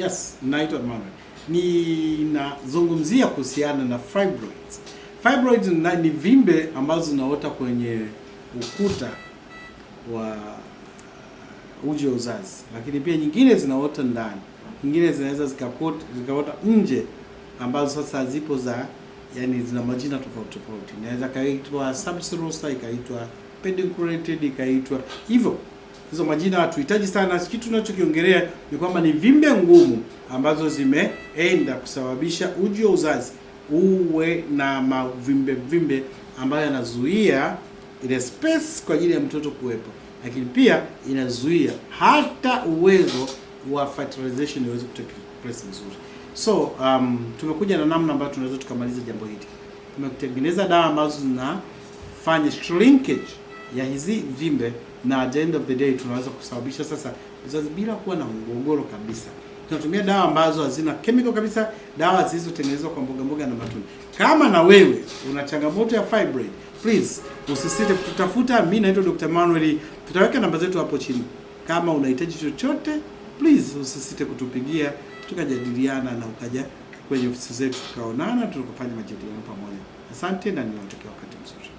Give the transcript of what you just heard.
Yes, naitwa Emmanuel. Ninazungumzia kuhusiana na fibroids. Fibroids ni vimbe ambazo zinaota kwenye ukuta wa uh, uji wa uzazi, lakini pia nyingine zinaota ndani, nyingine zinaweza zikaota nje, ambazo sasa zipo za yani, zina majina tofauti tofauti, inaweza ikaitwa subserosa, ikaitwa pedunculated, ikaitwa hivyo. Hizo majina hatuhitaji sana. Kitu tunachokiongelea ni kwamba ni vimbe ngumu ambazo zimeenda kusababisha uji wa uzazi uwe na mavimbe vimbe ambayo yanazuia ile space kwa ajili ya mtoto kuwepo, lakini pia inazuia hata uwezo wa fertilization iweze kutoka place vizuri. So um, tumekuja na namna ambayo tunaweza tukamaliza jambo hili. Tumekutengeneza dawa ambazo zinafanya shrinkage ya hizi vimbe, na at the end of the day tunaweza kusababisha sasa uzazi bila kuwa na mgogoro kabisa. Tunatumia dawa ambazo hazina chemical kabisa, dawa zilizotengenezwa kwa mboga mboga na matunda. Kama na wewe una changamoto ya fibroid, please usisite kututafuta Mimi naitwa Dr. Manuel, tutaweka namba zetu hapo chini. Kama unahitaji chochote, please usisite kutupigia, tukajadiliana na ukaja kwenye ofisi zetu tukaonana, tukafanya majadiliano pamoja. Asante na niwatakia wakati mzuri.